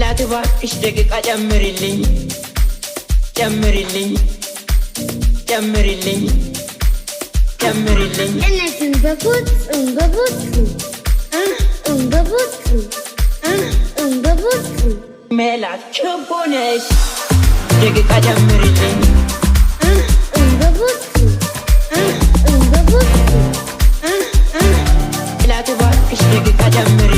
ላግባ እሽ ደቂቃ ጨምርልኝ ጨምርልኝ ጨምርልኝ ጨምርልኝ እነትን በፍጹም በፍጹም በፍጹም በፍጹም ሜላት ችቦ ነሽ ደቂቃ ጨምርልኝ በፍጹም በፍጹም ላግባ እሽ ደቂቃ ጨምርልኝ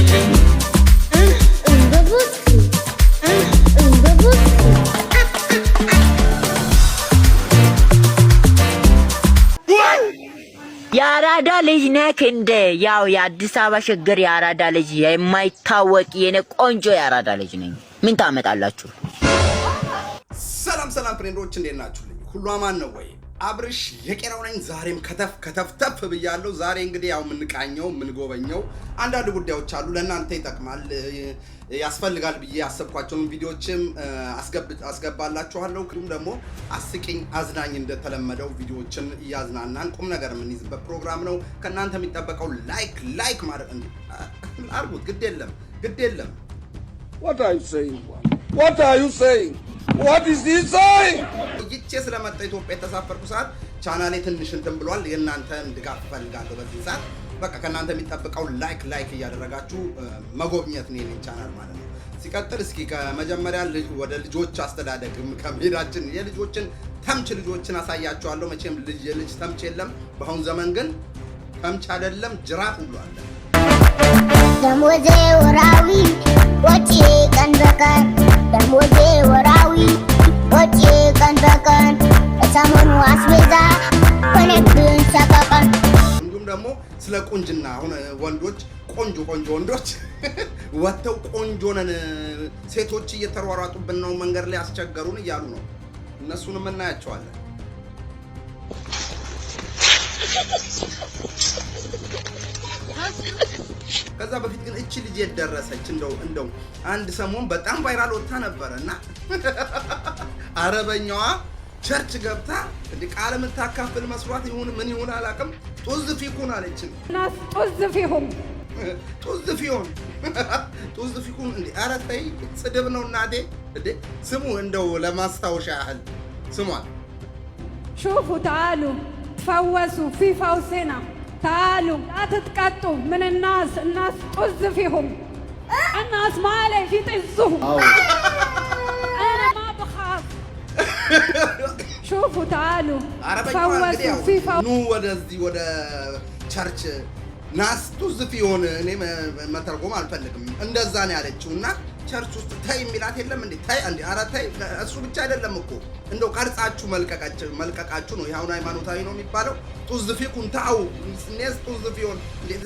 የአራዳ ልጅ ነክ እንደ ያው የአዲስ አበባ ሸገር የአራዳ ልጅ የማይታወቅ የነ ቆንጆ የአራዳ ልጅ ነኝ። ምን ታመጣላችሁ? ሰላም ሰላም፣ ፍሬንዶች እንዴት ናችሁ? ሁሉ አማን ነው ወይ? አብርሽ የቄራው ነኝ። ዛሬም ከተፍ ከተፍ ተፍ ብያለሁ። ዛሬ እንግዲህ ያው የምንቃኘው የምንጎበኘው አንዳንድ ጉዳዮች አሉ። ለእናንተ ይጠቅማል ያስፈልጋል ብዬ ያሰብኳቸውን ቪዲዮዎችም አስገባላችኋለሁ። እንዲሁም ደግሞ አስቂኝ አዝናኝ፣ እንደተለመደው ቪዲዮዎችን እያዝናናን ቁም ነገር የምንይዝበት ፕሮግራም ነው። ከእናንተ የሚጠበቀው ላይክ ላይክ ማለት አርጉት። ግድ የለም ግድ የለም What are you saying? What are you saying? What is he saying? ትቼ ስለመጣ ኢትዮጵያ የተሳፈርኩ ሰዓት ቻናሌ ትንሽ እንትን ብሏል። የእናንተን ድጋፍ እፈልጋለሁ። በዚህ ሰዓት በቃ ከእናንተ የሚጠብቀው ላይክ ላይክ እያደረጋችሁ መጎብኘት ነው የኔን ቻናል ማለት ነው። ሲቀጥል እስኪ ከመጀመሪያ ወደ ልጆች አስተዳደግም ከመሄዳችን የልጆችን ተምች ልጆችን አሳያቸዋለሁ። መቼም ልጅ የልጅ ተምች የለም። በአሁኑ ዘመን ግን ተምች አይደለም ጅራፍ ሁሉ አለ። ደሞዜ ወራዊ ወጪ ቀን በቀን ደሞዜ ወራዊ ወጪ ቀን በቀን ሰሞኑ አስቤዛ ሆነብን ሰቀቀን። እንዲሁም ደግሞ ስለ ቁንጅና አሁን ወንዶች ቆንጆ ቆንጆ ወንዶች ወጥተው ቆንጆ ነን ሴቶች እየተሯሯጡብን ነው፣ መንገድ ላይ አስቸገሩን እያሉ ነው። እነሱንም እናያቸዋለን። ከዛ በፊት ግን እቺ ልጅ የደረሰች እንደው እንደው አንድ ሰሞን በጣም ቫይራል ወጥታ ነበረ እና አረበኛዋ ቸርች ገብታ እንደ ቃል የምታካፍል መስሯት ይሁን ምን ይሁን አላውቅም። ጡዝ ፊኩን አለችን። ጡዝ ፊሁን ጡዝ ፊሁን ጡዝ ፊኩን እንደ ኧረ ተይ ስድብ ነው እናቴ። እንደ ስሙ እንደው ለማስታወሻ ያህል ስሟል። ሹፉ ተአሉ ትፈወሱ ፊፋው ሴና ተአሉ ላትትቀጡ ምን እናስ እናስ ጡዝ ፊሁም እናስ ማለ ፊ ሹፉ ተአሉ ፈወሱ ወደዚህ ወደ ቸርች ናስቱ ዝፍ የሆነ እኔ መተርጎም አልፈልግም። እንደዛ ነው ያለችው እና ቸርች ውስጥ ተይ የሚላት የለም እንዴ? ተይ እንዴ! ኧረ ተይ። እሱ ብቻ አይደለም እኮ እንደው ቀርጻችሁ መልቀቃችሁ ነው ያሁን ሃይማኖታዊ ነው የሚባለው። ጡዝፊ ኩንታው ኔስ ጡዝፊ ሆን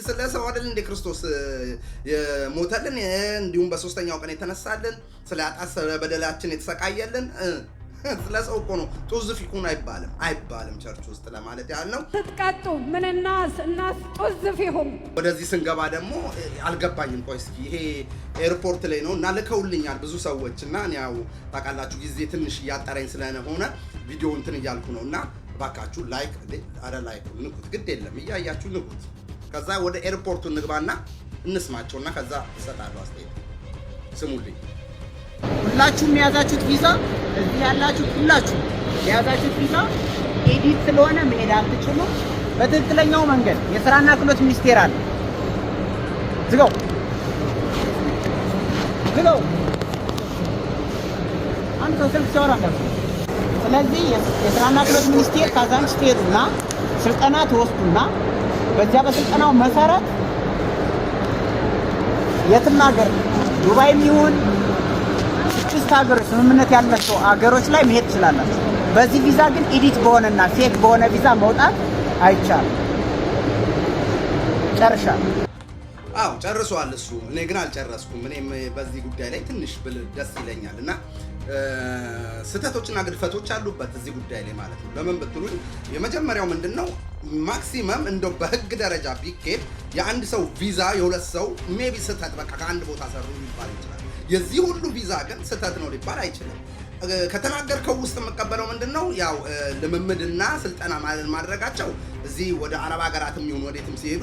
ስለ ሰው አይደል እንዴ ክርስቶስ የሞተልን እንዲሁም በሶስተኛው ቀን የተነሳልን ስለ አጣ በደላችን የተሰቃየልን ለሰው እኮ ነው ጡዝፍ ይኩን አይባልም፣ አይባልም ቸርች ውስጥ ለማለት ያህል ነው። ስትቀጡ ምን እናስ እናስ ጡዝፍ ይሁን። ወደዚህ ስንገባ ደግሞ አልገባኝም። ቆይ እስኪ ይሄ ኤርፖርት ላይ ነው እና ልከውልኛል ብዙ ሰዎች እና ያው ታውቃላችሁ ጊዜ ትንሽ እያጠረኝ ስለሆነ ቪዲዮ እንትን እያልኩ ነው እና እባካችሁ ላይክ አረ ላይክ ንኩት፣ ግድ የለም እያያችሁ ንኩት። ከዛ ወደ ኤርፖርቱ እንግባና እንስማቸውና ከዛ እሰጣለሁ አስተያየት። ስሙልኝ ሁላችሁም የያዛችሁት ቪዛ እዚህ ያላችሁት ሁላችሁ የያዛችሁት ቪዛ ኤዲት ስለሆነ መሄድ አትችሉ። በትክክለኛው መንገድ የስራና ክህሎት ሚኒስቴር አለ። ዝጋው ዝጋው። አንድ ሰው ስልክ ሲያወራ እንዳትሉ። ስለዚህ የስራና ክህሎት ሚኒስቴር ካዛንች ትሄዱና ስልጠና ትወስዱና በዚያ በስልጠናው መሰረት የትም ሀገር ዱባይም ይሁን ሶስት ሀገሮች ስምምነት ያላቸው አገሮች ላይ መሄድ ትችላላችሁ። በዚህ ቪዛ ግን ኢዲት በሆነና ፌክ በሆነ ቪዛ መውጣት አይቻልም። ጨርሻል። አዎ ጨርሷል እሱ። እኔ ግን አልጨረስኩም። እኔም በዚህ ጉዳይ ላይ ትንሽ ብል ደስ ይለኛል እና ስህተቶችና ግድፈቶች አሉበት እዚህ ጉዳይ ላይ ማለት ነው። ለምን ብትሉኝ የመጀመሪያው ምንድን ነው ማክሲመም እንደው በህግ ደረጃ ቢኬድ የአንድ ሰው ቪዛ የሁለት ሰው ሜቢ ስህተት በቃ ከአንድ ቦታ ሰሩ ሊባል ይችላል የዚህ ሁሉ ቪዛ ግን ስህተት ነው ሊባል አይችልም። ከተናገርከው ውስጥ የምቀበለው ምንድን ነው ያው ልምምድና ስልጠና ማድረጋቸው እዚህ ወደ አረብ ሀገራትም ይሁን ወዴትም ሲሄዱ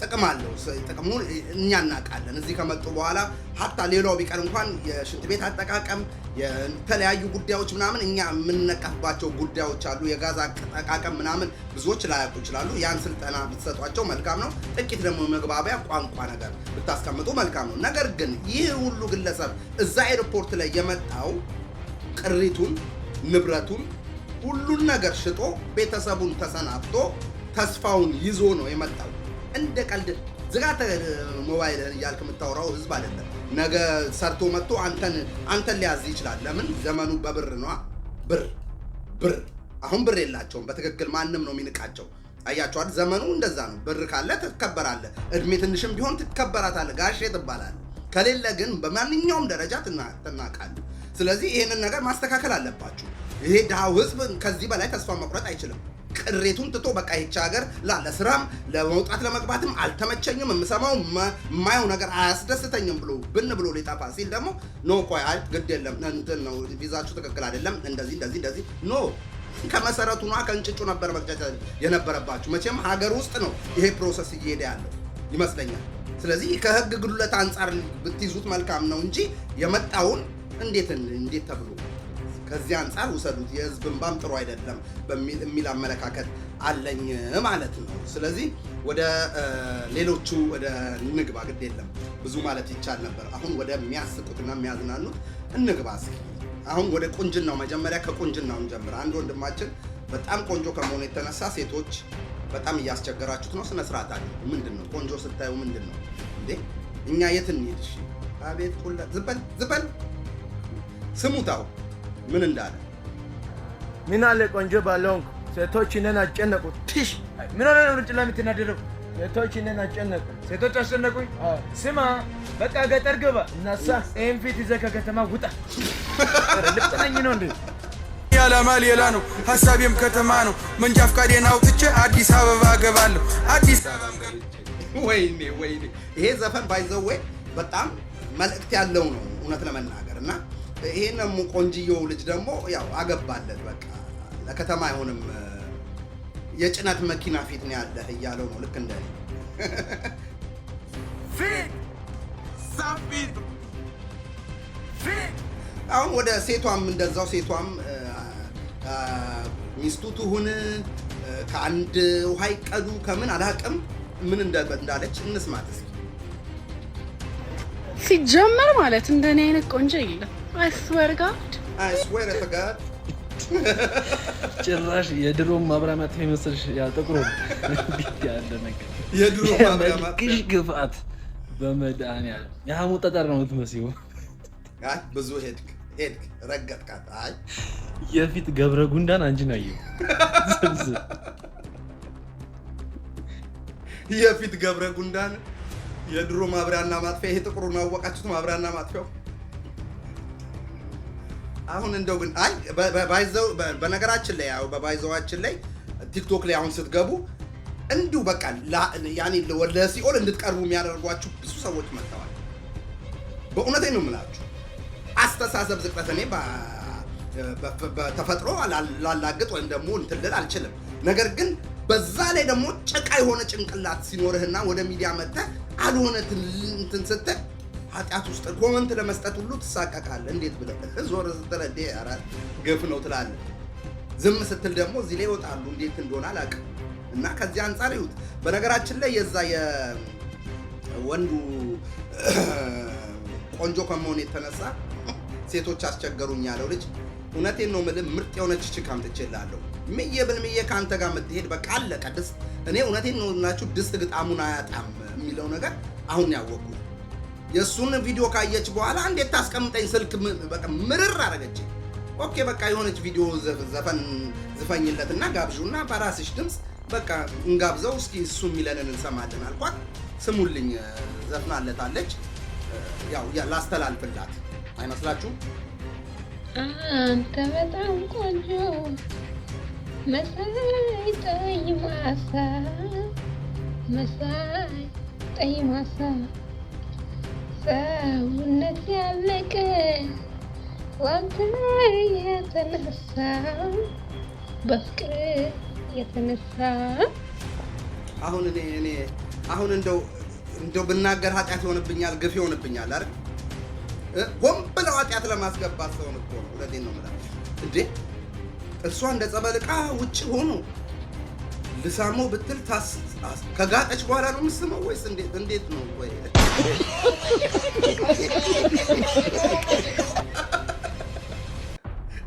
ጥቅም አለው። ጥቅሙን እኛ እናውቃለን። እዚህ ከመጡ በኋላ ሀታ ሌላው ቢቀር እንኳን የሽንት ቤት አጠቃቀም፣ የተለያዩ ጉዳዮች ምናምን እኛ የምንነቀፍባቸው ጉዳዮች አሉ። የጋዝ አጠቃቀም ምናምን ብዙዎች ላያውቁ ይችላሉ። ያን ስልጠና ብትሰጧቸው መልካም ነው። ጥቂት ደግሞ መግባቢያ ቋንቋ ነገር ብታስቀምጡ መልካም ነው። ነገር ግን ይህ ሁሉ ግለሰብ እዛ ኤርፖርት ላይ የመጣው ቅሪቱን ንብረቱን ሁሉን ነገር ሽጦ ቤተሰቡን ተሰናብቶ ተስፋውን ይዞ ነው የመጣው። እንደ ቀልድ ዝጋተ ሞባይል እያልክ የምታወራው ህዝብ አይደለም። ነገ ሰርቶ መጥቶ አንተን አንተን ሊያዝ ይችላል። ለምን ዘመኑ በብር ነዋ። ብር ብር አሁን ብር የላቸውም በትክክል ማንም ነው የሚንቃቸው። አያቸዋል ዘመኑ እንደዛ ነው። ብር ካለ ትከበራለ። እድሜ ትንሽም ቢሆን ትከበራታለ፣ ጋሼ ትባላል። ከሌለ ግን በማንኛውም ደረጃ ትናቃል። ስለዚህ ይህንን ነገር ማስተካከል አለባችሁ። ይሄ ድሃው ህዝብ ከዚህ በላይ ተስፋ መቁረጥ አይችልም። ቅሬቱን ትቶ በቃ ይቺ ሀገር ላለ ስራም ለመውጣት ለመግባትም አልተመቸኝም፣ የምሰማው የማየው ነገር አያስደስተኝም ብሎ ብን ብሎ ሊጠፋ ሲል ደግሞ ኖ ቆይ ግድ የለም እንትን ነው ቪዛችሁ ትክክል አይደለም እንደዚህ እንደዚህ እንደዚህ ኖ ከመሰረቱ ኗ ከእንጭጩ ነበር መቅጨት የነበረባችሁ። መቼም ሀገር ውስጥ ነው ይሄ ፕሮሰስ እየሄደ ያለው ይመስለኛል። ስለዚህ ከህግ ግሉለት አንጻር ብትይዙት መልካም ነው እንጂ የመጣውን እንዴት እንዴት ተብሎ ከዚህ አንጻር ውሰዱት። የህዝብ እንባም ጥሩ አይደለም የሚል አመለካከት አለኝ ማለት ነው። ስለዚህ ወደ ሌሎቹ ወደ ንግባ፣ ግድ የለም ብዙ ማለት ይቻል ነበር። አሁን ወደ የሚያስቁትና የሚያዝናኑት እንግባ እስኪ። አሁን ወደ ቁንጅናው፣ መጀመሪያ ከቁንጅናው እንጀምር። አንድ ወንድማችን በጣም ቆንጆ ከመሆኑ የተነሳ ሴቶች በጣም እያስቸገራችሁት ነው፣ ስነስርዓት አድርጉ። ምንድን ነው ቆንጆ ስታዩ ምንድን ነው እንዴ? እኛ የት እንሄድ? አቤት ቁለት ዝበል ዝበል ስሙታው ምን እንዳለ ምን አለ ቆንጆ ባለሆንኩ ሴቶች እኔን አጨነቁት። ትሽ ምን ሆነ ነው ጭላ የምትናደረው? ሴቶች እኔን አጨነቁ። ሴቶች አስጨነቁኝ። ስማ በቃ ገጠር ግባ እናሳ ይህን ፊት ይዘህ ከከተማ ውጣ። ልጠናኝ ነው እንዴ? ዓላማ ሌላ ነው፣ ሀሳቤም ከተማ ነው። መንጃ ፍቃዴን አውጥቼ አዲስ አበባ እገባለሁ። አዲስ ወይኔ ወይኔ! ይሄ ዘፈን ባይዘወይ በጣም መልእክት ያለው ነው እውነት ለመናገር እና ይሄን ቆንጅየው ልጅ ደግሞ ያው አገባለን። በቃ ለከተማ አይሆንም የጭነት መኪና ፊት ነው ያለህ እያለው ነው። ልክ እንደ አሁን ወደ ሴቷም እንደዛው ሴቷም ሚስቱ ትሁን ከአንድ ውሃ ይቀዱ ከምን አላቅም ምን እንዳለች እንስማት እስኪ። ሲጀመር ማለት እንደኔ አይነት ቆንጆ የለም። አይ ስዌር ጋድ አይ ስዌር ቱ ጋድ ጭራሽ የድሮ ማብራማት የመሰልሽ ያጠቁሮ ያለ ነገር የድሮ ማብራማት ግሽ ግፋት በመድኃኒዓለም የሐሙ ጠጠር ነው የምትመስይው። ብዙ ሄድክ ሄድክ ረገጥካት። አይ የፊት ገብረ ጉንዳን አንቺ ነው የፊት ገብረ ጉንዳን የድሮ ማብሪያና ማጥፊያ። ይሄ ጥቁሩን አወቃችሁት ማብሪያና ማጥፊያው አሁን እንደው ግን አይ ባይዘው በነገራችን ላይ ያው በባይዘዋችን ላይ ቲክቶክ ላይ አሁን ስትገቡ እንዲሁ በቃ ያኔ ሲኦል እንድትቀርቡ የሚያደርጓችሁ ብዙ ሰዎች መጥተዋል። በእውነቴ ነው የምላችሁ። አስተሳሰብ ዝቅጠት እኔ በተፈጥሮ ላላግጥ ወይም ደግሞ እንትልል አልችልም። ነገር ግን በዛ ላይ ደግሞ ጭቃ የሆነ ጭንቅላት ሲኖርህና ወደ ሚዲያ መጥተህ አልሆነ እንትን ስትል ኃጢአት ውስጥ ኮመንት ለመስጠት ሁሉ ትሳቀቃለህ። እንዴት ብለህ ዞር ስትል እንዴ ኧረ ግፍ ነው ትላለህ። ዝም ስትል ደግሞ እዚህ ላይ ይወጣሉ። እንዴት እንደሆነ አላውቅም። እና ከዚህ አንጻር ይሁት በነገራችን ላይ የዛ የወንዱ ቆንጆ ከመሆን የተነሳ ሴቶች አስቸገሩኝ ያለው ልጅ እውነቴን ነው የምልህ፣ ምርጥ የሆነች ችካም ትችላለሁ። ምዬ ምዬ ከአንተ ጋር የምትሄድ በቃ አለቀ። ድስት እኔ እውነቴን ነው ናችሁ ድስት ግጣሙን አያጣም የሚለው ነገር አሁን ያወቅኩት የእሱን ቪዲዮ ካየች በኋላ እንዴት ታስቀምጠኝ ስልክ በቃ ምርር አረገች። ኦኬ በቃ የሆነች ቪዲዮ ዘፈን ዝፈኝለትና ጋብዡና በራስሽ ድምፅ በቃ እንጋብዘው እስኪ እሱ የሚለንን እንሰማለን አልኳት። ስሙልኝ ዘፍናለታለች። ያው ላስተላልፍላት አይመስላችሁ? አንተ በጣም ቆንጆ መሳይ ጠይማሳ መሳይ ጠይማሳ ሰውነት ያለቀ ዋንተ የተነሳ በፍቅር የተነሳ አሁን እኔ እኔ አሁን እንደው እንደው ብናገር ኃጢአት ይሆንብኛል፣ ግፍ ይሆንብኛል። አረ ሆን ብለው ኃጢአት ለማስገባት ሰውን እኮ ነው። እውነቴን ነው እንዴ እንደ ጸበል ዕቃ ውጭ ሆኖ ልሳሞ ብትል ከጋጠች በኋላ ነው የምትስመው ወይስ እንዴት ነው?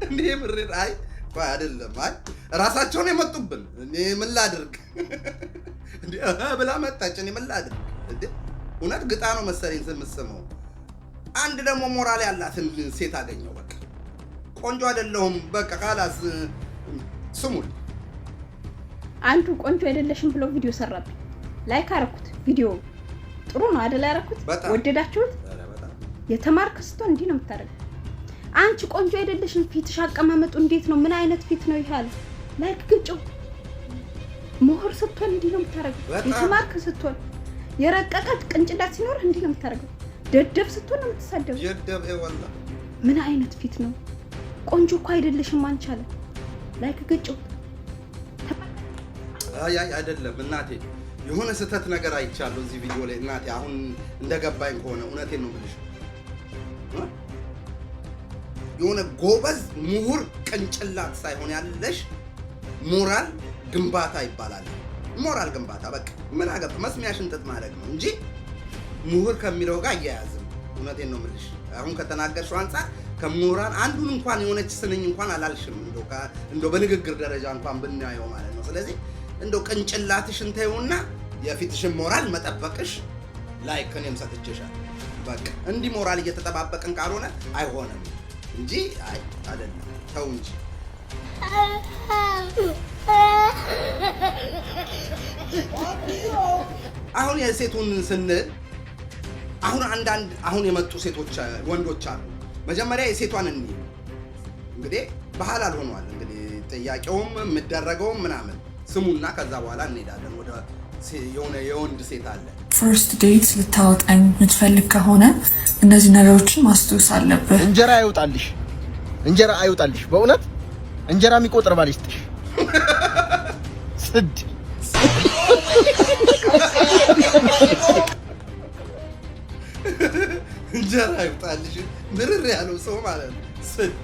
እኔ ምሬን አይ አይደለም አይ ራሳቸውን የመጡብን እኔ ምን ላድርግ ብላ መጣች። እኔ ምን ላድርግ እውነት ግጣ ነው መሰለኝ ስምስመው አንድ ደግሞ ሞራል ያላትን ሴት አገኘው። በቃ ቆንጆ አይደለሁም በቃ ካላስ ስሙል አንዱ ቆንጆ አይደለሽም ብሎ ቪዲዮ ሰራብኝ። ላይክ አረኩት ቪዲዮ ጥሩ ነው አይደል? ያደረኩት ወደዳችሁት? የተማርክ ስትሆን እንዲህ ነው የምታደርገው። አንቺ ቆንጆ አይደለሽም? ፊትሽ አቀማመጡ እንዴት ነው? ምን አይነት ፊት ነው ይላል። ላይክ ግጭ። ምሁር ስትሆን እንዲህ ነው የምታደርገው። የተማርክ ስትሆን የረቀቀት ቅንጭላት ሲኖር እንዲህ ነው የምታደርገው። ደደብ ስትሆን ነው የምትሳደበው። ምን አይነት ፊት ነው? ቆንጆ እኮ አይደለሽም አንቺ አለ። ላይክ ግጭ። አይ አይ አይደለም እናቴ የሆነ ስህተት ነገር አይቻለሁ እዚህ ቪዲዮ ላይ እናቴ። አሁን እንደገባኝ ከሆነ እውነቴን ነው የምልሽ፣ የሆነ ጎበዝ ምሁር ቅንጭላት ሳይሆን ያለሽ ሞራል ግንባታ ይባላል። ሞራል ግንባታ በቃ ምን አገባ መስሚያሽን ጥጥ ማድረግ ነው እንጂ ምሁር ከሚለው ጋር አያያዝም። እውነቴን ነው የምልሽ። አሁን ከተናገርሽው አንጻር ከምሁራን አንዱን እንኳን የሆነች ስንኝ እንኳን አላልሽም፣ እንደው በንግግር ደረጃ እንኳን ብናየው ማለት ነው። ስለዚህ እንደው ቅንጭላትሽን ተይውና የፊትሽን ሞራል መጠበቅሽ ላይክ እኔም ሰጥቼሻል። በቃ እንዲህ ሞራል እየተጠባበቅን ካልሆነ አይሆንም እንጂ አይ አይደለም፣ ተው እንጂ አሁን የሴቱን ስንል አሁን አንዳንድ አሁን የመጡ ሴቶች ወንዶች አሉ። መጀመሪያ የሴቷን እኒ እንግዲህ ባህል አልሆኗል። እንግዲህ ጥያቄውም የምደረገውም ምናምን ስሙና ከዛ በኋላ እንሄዳለን። የሆነ የወንድ ሴት አለ። ፈርስት ዴት ልታወጣኝ የምትፈልግ ከሆነ እነዚህ ነገሮችን ማስታወስ አለብህ። እንጀራ አይወጣልሽ፣ እንጀራ አይወጣልሽ። በእውነት እንጀራ የሚቆጥር ባል ይስጥሽ። ስድ እንጀራ አይወጣልሽ። ምርር ያለው ሰው ማለት ነው። ስድ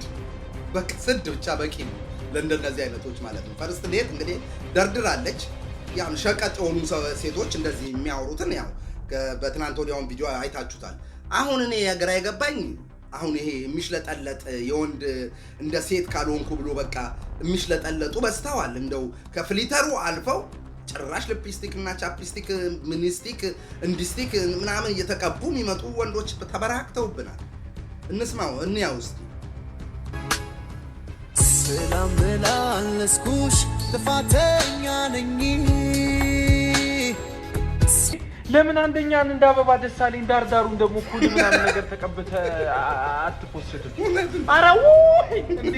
በቃ ስድ ብቻ በቂ ነው ለእንደነዚህ አይነቶች ማለት ነው። ፈርስት ዴት እንግዲህ ደርድራለች። ያን ሸቀጥ የሆኑ ሴቶች እንደዚህ የሚያወሩትን ያው በትናንት ወዲያውን ቪዲዮ አይታችሁታል። አሁን እኔ ግራ የገባኝ አሁን ይሄ የሚሽለጠለጥ የወንድ እንደ ሴት ካልሆንኩ ብሎ በቃ የሚሽለጠለጡ በስተዋል እንደው ከፍሊተሩ አልፈው ጭራሽ ልፕስቲክ እና ቻፕስቲክ ሚኒስቲክ እንዲስቲክ ምናምን እየተቀቡ የሚመጡ ወንዶች ተበራክተውብናል። እንስማው እንያ ውስጥ ሰላም ብላ አለስኩሽ ጥፋተኛ ነኝ ለምን አንደኛን እንደ አበባ ደሳለኝ ዳርዳሩን ደግሞ ኩል ምናምን ነገር ተቀብተ አትፖስትም? አራው እንዴ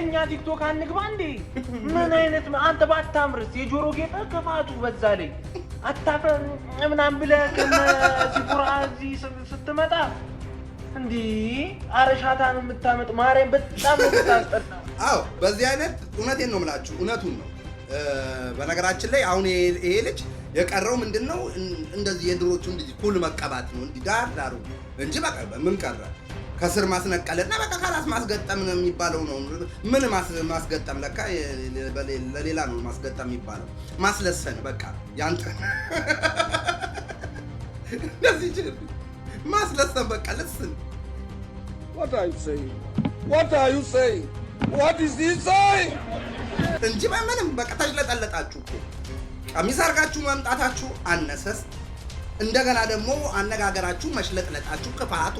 እኛ ቲክቶክ አንግባ እንዴ? ምን አይነት አንተ ባታምርስ የጆሮ ጌጠ ከፋቱ በዛ ላይ አታፈ ምናምን ብለህ ከነሲፉራ እዚህ ስትመጣ እንዴ አረሻታን የምታመጥ ማርያም በጣም ነው የምታስጠላ። አዎ በዚህ አይነት እውነቴን ነው የምላችሁ፣ እውነቱን ነው። በነገራችን ላይ አሁን ይሄ ልጅ የቀረው ምንድን ነው? እንደዚህ የድሮቹ እንዲ ኩል መቀባት ነው እንዲ ዳር ዳሩ እንጂ በቃ ምን ቀረ? ከስር ማስነቀልና በቃ ከራስ ማስገጠም ነው የሚባለው ነው። ምን ማስገጠም ለካ ለሌላ ነው ማስገጠም የሚባለው። ማስለሰን በቃ ያንተ እንደዚህ ችግር ማስለሰን በቃ ልስን እንጂ ምንም በቃ ተሽለጠለጣችሁ እኮ ቀሚስ አርጋችሁ መምጣታችሁ አነሰስ፣ እንደገና ደግሞ አነጋገራችሁ መሽለጥለጣችሁ ክፋቱ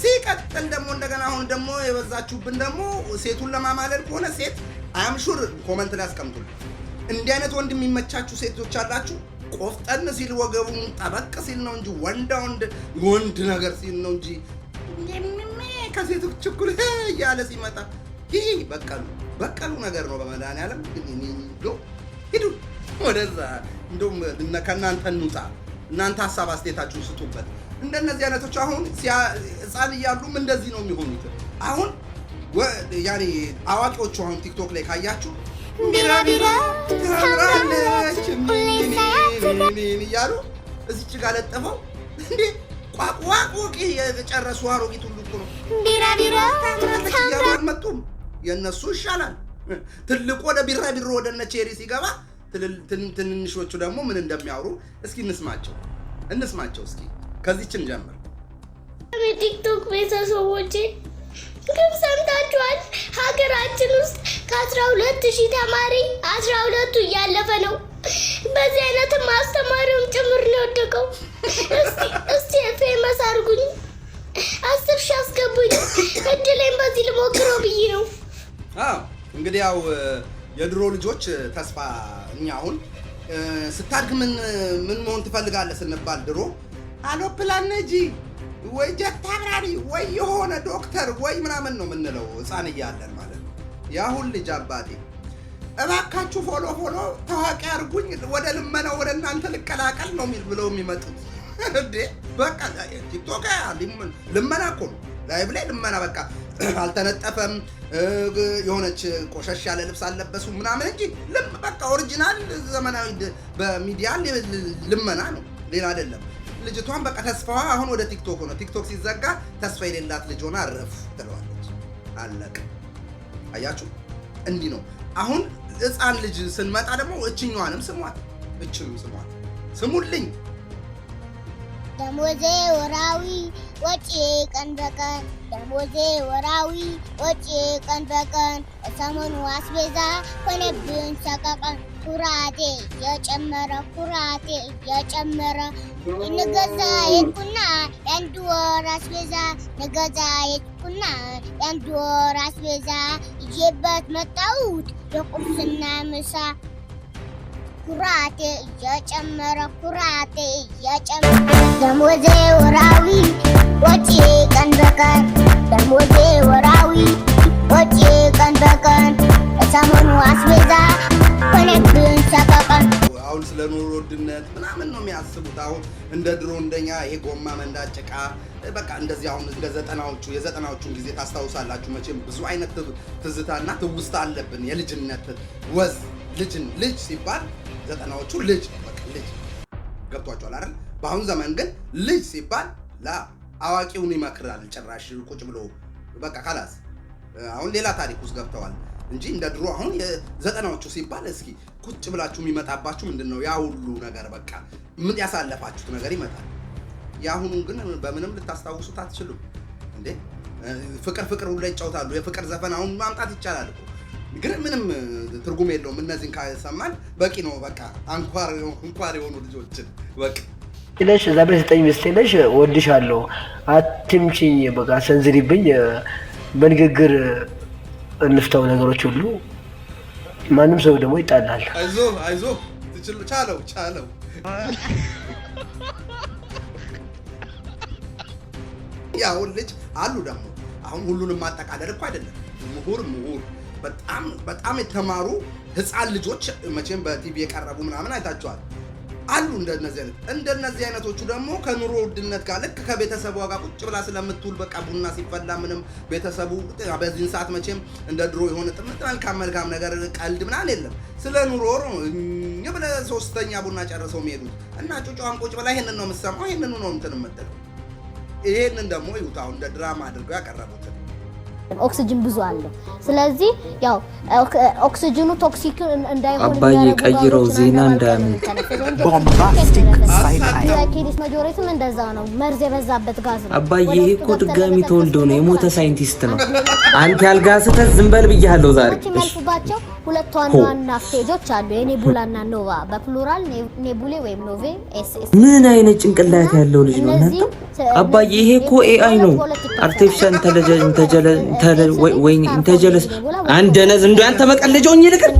ሲቀጥል ደግሞ እንደገና አሁን ደግሞ የበዛችሁብን ደግሞ ሴቱን ለማማለል ከሆነ ሴት አምሹር ኮመንት ላይ አስቀምጡልኝ። እንዲህ አይነት ወንድ የሚመቻችሁ ሴቶች አላችሁ። ቆፍጠን ሲል ወገቡን ጠበቅ ሲል ነው እንጂ ወንዳ ወንድ ወንድ ነገር ሲል ነው እንጂ ከሴቶች እኩል እያለ ሲመጣ ይህ በቀሉ በቀሉ ነገር ነው። በመድኃኒዓለም ሂዱ። ወደዛ እንደውም ከእናንተ እንውጣ። እናንተ ሀሳብ አስተያየታችሁን ስጡበት። እንደነዚህ አይነቶች አሁን ህፃን እያሉም እንደዚህ ነው የሚሆኑት። አሁን ያኔ አዋቂዎቹ አሁን ቲክቶክ ላይ ካያችሁ ቢራቢራ እያሉ እዚች ጋር ለጥፈው እንዴ ቋቋቆቂ የጨረሱ አሮጊት ሁሉ እኮ ነው ቢራቢራ ታምራለች የእነሱ ይሻላል። ትልቁ ወደ ቢራቢሮ ወደ እነ ቼሪ ሲገባ ትንንሾቹ ደግሞ ምን እንደሚያወሩ እስኪ እንስማቸው እንስማቸው። እስኪ ከዚችን ጀምር። ቲክቶክ ቤተሰቦቼ ግብ ሰምታችኋል። ሀገራችን ውስጥ ከአስራ ሁለት ሺህ ተማሪ አስራ ሁለቱ እያለፈ ነው። በዚህ አይነት አስተማሪውም ጭምር ነው የወደቀው። እስቲ ፌመስ አድርጉኝ፣ አስር ሺህ አስገቡኝ። እድሌም በዚህ ልሞክረው ብዬ ነው። እንግዲህ ያው የድሮ ልጆች ተስፋ እኛ አሁን ስታድግ ምን ምን መሆን ትፈልጋለህ ስንባል ድሮ አውሮፕላን ነጂ ወይ ጀት አብራሪ ወይ የሆነ ዶክተር ወይ ምናምን ነው የምንለው ህፃን እያለን ማለት ነው። ልጅ አባቴ እባካችሁ ፎሎ ፎሎ ታዋቂ አድርጉኝ፣ ወደ ልመና ወደ እናንተ ልቀላቀል ነው ብለው የሚመጡት እንዴ! በቃ ቲክቶክ ልመና እኮ ነው። ላይብ ላይ ልመና በቃ አልተነጠፈም፣ የሆነች ቆሸሽ ያለ ልብስ አለበሱ ምናምን እንጂ በቃ ኦሪጂናል ዘመናዊ በሚዲያ ልመና ነው፣ ሌላ አይደለም። ልጅቷን በቃ ተስፋዋ አሁን ወደ ቲክቶክ ነው። ቲክቶክ ሲዘጋ ተስፋ የሌላት ልጅ ሆና አረፍ ትለዋለች። አለቅ አያችሁ፣ እንዲህ ነው። አሁን ህፃን ልጅ ስንመጣ ደግሞ እችኛዋንም ስሟት፣ እችንም ስሟት፣ ስሙልኝ ደሞዜ ወራዊ ወጪ ቀን በቀን ደሞዜ ወራዊ ወጪ ቀን በቀን ሰሞኑ አስቤዛ ሆነብን ሰቀቀን ኩራቴ የጨመረ ኩራቴ የጨመረ ንገዛ የኩና የአንድ ወር አስቤዛ ንገዛ የኩና የአንድ ወር አስቤዛ ይዤበት መጣሁት የቁርስና ምሳ ኩራቴ እየጨመረ ኩራቴ እየጨመረ ደሞዜ ወራዊ ወጪ ቀን በቀን ደሞዜ ወራዊ ወጪ ቀን በቀን ሰሞኑ አስቤዛ ሆነብን ሰቀቀን። አሁን ስለ ኑሮ ውድነት ምናምን ነው የሚያስቡት። አሁን እንደ ድሮ እንደኛ ይሄ ጎማ መንዳት ጭቃ በቃ እንደዚህ አሁን እንደ ዘጠናዎቹ የዘጠናዎቹን ጊዜ ታስታውሳላችሁ መቼም ብዙ አይነት ትዝታና ትውስታ አለብን። የልጅነት ወዝ ልጅን ልጅ ሲባል ዘጠናዎቹ ልጅ ልጅ ገብቷቸዋል አይደል? በአሁኑ ዘመን ግን ልጅ ሲባል ላ አዋቂውን ይመክራል። ጭራሽ ቁጭ ብሎ በቃ ካላስ አሁን ሌላ ታሪክ ውስጥ ገብተዋል እንጂ እንደ ድሮ አሁን ዘጠናዎቹ ሲባል እስኪ ቁጭ ብላችሁ የሚመጣባችሁ ምንድን ነው? ያ ሁሉ ነገር በቃ ምን ያሳለፋችሁት ነገር ይመጣል። የአሁኑ ግን በምንም ልታስታውሱት አትችሉም እንዴ! ፍቅር ፍቅር ሁላ ይጫወታሉ። የፍቅር ዘፈን አሁን ማምጣት ይቻላል። ግን ምንም ትርጉም የለውም። እነዚህን ካሰማን በቂ ነው። በቃ አንኳር የሆኑ ልጆችን በቃ ለሽ እዛ ብለሽ ስጠኝ ስትለሽ ወድሻለሁ አትምችኝ፣ በቃ ሰንዝሪብኝ፣ በንግግር እንፍተው ነገሮች ሁሉ ማንም ሰው ደግሞ ይጣላል። አይዞ አይዞ ቻለው ቻለው ያሁን ልጅ አሉ ደግሞ አሁን ሁሉንም ማጠቃለል እኮ አይደለም ምሁር ምሁር በጣም በጣም የተማሩ ህፃን ልጆች መቼም በቲቪ የቀረቡ ምናምን አይታቸዋል አሉ እንደነዚህ አይነት እንደነዚህ አይነቶቹ ደግሞ ከኑሮ ውድነት ጋር ልክ ከቤተሰቧ ጋር ቁጭ ብላ ስለምትውል በቃ ቡና ሲፈላ ምንም ቤተሰቡ በዚህን ሰዓት መቼም እንደ ድሮ የሆነ ጥምት መልካም መልካም ነገር ቀልድ ምናምን የለም። ስለ ኑሮ ብለ ሶስተኛ ቡና ጨርሰው የሚሄዱት እና ጩጫዋን ቁጭ ብላ ይህንን ነው የምትሰማው፣ ይህንኑ ነው እንትን የምትለው። ይህንን ደግሞ ይሁት አሁን እንደ ድራማ አድርገው ያቀረቡትን ኦክሲጅን ብዙ አለው። ስለዚህ ያው ኦክሲጅኑ ቶክሲክ እንዳይሆን አባዬ ቀይረው ዜና እንዳያመልጥ ኬዲስ ማጆሪቲም እንደዛ ነው። መርዝ የበዛበት ጋዝ ነው። አባዬ ይሄ እኮ ድጋሚ ተወልዶ ነው የሞተ ሳይንቲስት ነው። አንተ ያልጋስተህ ዝም በል ብያለሁ ዛሬ እሺ ሁለት ዋና ዋና ስቴጆች አሉ። የኔቡላና ኖቫ በፕሉራል ኔቡሌ ወይም ኖቬ ኤስኤስ። ምን አይነት ጭንቅላት ያለው ልጅ ነው እናንተ? አባዬ ይሄ እኮ ኤአይ ነው፣ አርቲፊሻል ኢንተለጀንስ። አንድ ነዝ እንደ አንተ መቀለጃውን ይልቅር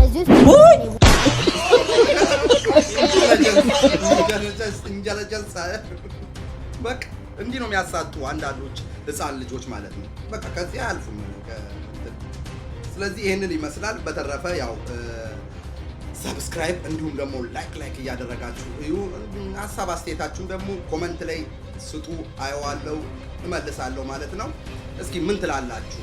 እንዲህ ነው የሚያሳጡ አንዳንዶች ህፃን ልጆች ማለት ነው። በቃ ከዚህ አያልፉም። ስለዚህ ይህንን ይመስላል። በተረፈ ያው ሰብስክራይብ እንዲሁም ደግሞ ላይክ ላይክ እያደረጋችሁ እዩ። ሀሳብ አስተያየታችሁን ደግሞ ኮመንት ላይ ስጡ፣ አየዋለው እመልሳለሁ ማለት ነው። እስኪ ምን ትላላችሁ?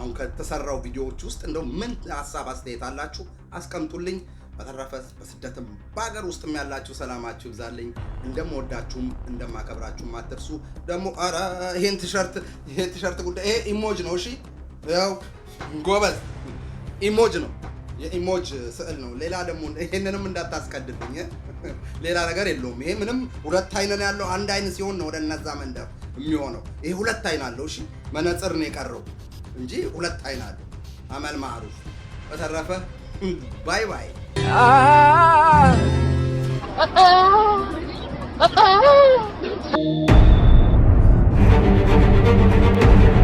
አሁን ከተሰራው ቪዲዮዎች ውስጥ እንደው ምን ሀሳብ አስተያየት አላችሁ? አስቀምጡልኝ። በተረፈ በስደትም በሀገር ውስጥም ያላችሁ ሰላማችሁ ይብዛልኝ። እንደምወዳችሁም እንደማከብራችሁም አትርሱ። ደግሞ ኧረ ይሄን ቲሸርት ይሄን ቲሸርት ጉዳይ ይሄ ኢሞጅ ነው። እሺ ያው ጎበዝ ኢሞጅ ነው። የኢሞጅ ስዕል ነው። ሌላ ደግሞ ይሄንንም እንዳታስቀድብኝ። ሌላ ነገር የለውም። ይሄ ምንም ሁለት አይን ነው ያለው። አንድ አይን ሲሆን ነው ወደ እነዛ መንደር የሚሆነው። ይሄ ሁለት አይን አለው። እሺ መነጽር ነው የቀረው እንጂ ሁለት አይን አለው። አመል ማሩፍ። በተረፈ ባይ ባይ።